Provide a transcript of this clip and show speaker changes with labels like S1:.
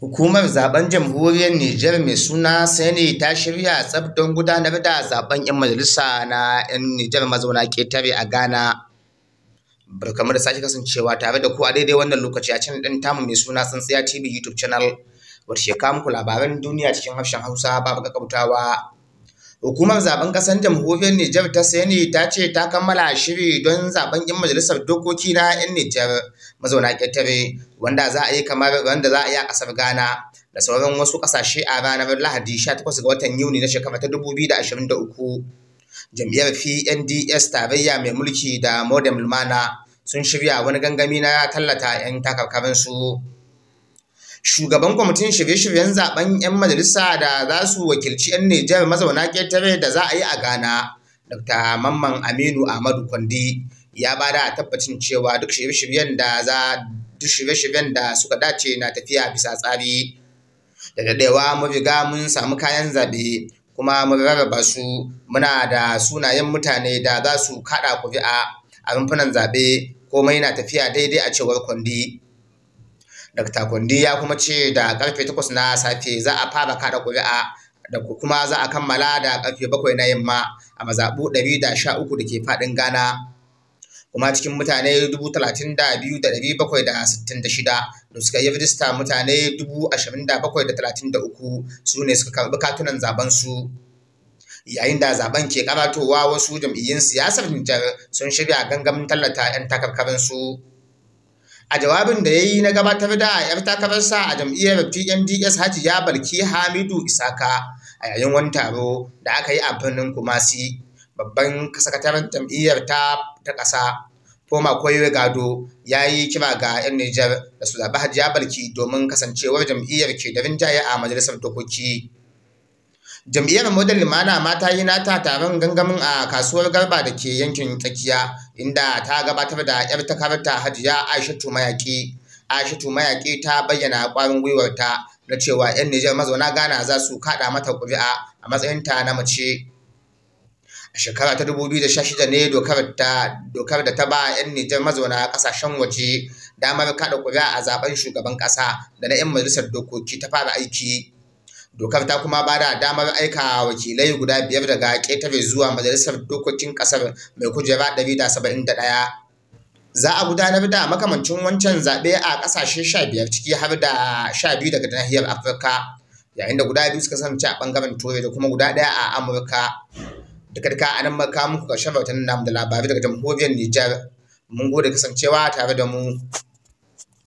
S1: Hukumar zaben jamhuriyar Nijar mai suna Sani ta shirya tsab don gudanar da zaben 'yan majalisa na 'yan Nijar mazauna ketare a Ghana. Barkamu da sake kasancewa tare da ku a daidai wannan lokaci a can ɗin tamu mai suna Tsintsiya TV YouTube channel wata shekara muku labaran duniya cikin harshen Hausa babu kakautawa. Hukumar zaben ƙasar jamhuriyar Nijar ta Sani ta ce ta kammala shiri don zaben 'yan majalisar dokoki na 'yan Nijar mazauna ƙetare wanda za a yi kamar wanda za a yi a ƙasar Ghana da sauran wasu ƙasashe a ranar Lahadi 18 ga watan Yuni na shekara ta 2023. Jam'iyyar PNDS tarayya mai mulki da Modem Lumana sun shirya wani gangami na tallata 'yan takarkarinsu. Shugaban kwamitin shirye-shiryen zaben 'yan majalisa da za su wakilci 'yan Nijar mazauna ƙetare da za a yi a Ghana, Dr. Mamman Aminu Ahmadu Kwandi. ya ba da tabbacin cewa duk shirye-shiryen da za duk shirye-shiryen da suka dace na tafiya bisa tsari da daɗewa mun riga mun samu kayan zabe kuma mun rarraba su muna da sunayen mutane da za su kaɗa kuri'a a rumfunan zaɓe komai na tafiya daidai a cewar kwandi dr kwandi ya kuma ce da karfe 8 na safe za a fara kaɗa kuri'a da kuma za a kammala da karfe bakwai na yamma a mazaɓu 113 da ke faɗin ghana kuma cikin mutane dubu talatin da biyu da ɗari bakwai da sittin da shida da suka yi rajista mutane dubu ashirin da bakwai da talatin da uku su ne suka karɓi katunan zaben su yayin da zaben ke karatowa wasu jam'iyyun siyasar Nijar sun shirya gangamin tallata 'yan takarkarinsu. A jawabin da ya yi na gabatar da 'yar takararsa a jam'iyyar PNDS ya Balki Hamidu Isaka a yayin wani taro da aka yi a birnin Kumasi. babban sakataren jam'iyyar ta ta ƙasa Foma Koyo Gado ya yi kira ga 'yan Nijar da su zaɓi Hajiya Balki domin kasancewar jam'iyyar ke da rinjaye a majalisar dokoki. Jam'iyyar Model Limana ma ta yi nata taron gangamin a kasuwar Garba da ke yankin tsakiya inda ta gabatar da 'yar takarta Hajiya Aishatu Mayaƙi. Aishatu Mayaƙi ta bayyana ƙwarin gwiwarta na cewa 'yan Nijar mazauna Ghana za su kaɗa mata ƙuri'a a matsayinta na mace. a shekara ta 2016 ne dokar da ta ba 'yan Nijar mazauna kasashen waje damar kaɗa kuri'a a zaben shugaban kasa da na 'yan majalisar dokoki ta fara aiki. Dokar ta kuma ba da damar aika wakilai guda biyar daga ƙetare zuwa majalisar dokokin ƙasar mai kujera 171. Za a gudanar da makamancin wancan zaɓe a ƙasashe 15 ciki har da 12 daga nahiyar Afirka, yayin da guda biyu suka sanci a ɓangaren Turai da kuma guda ɗaya a Amurka. duka a nan maka muku shafa rahoton namu da labarai daga jamhuriyar Nijar mun gode kasancewa tare da mu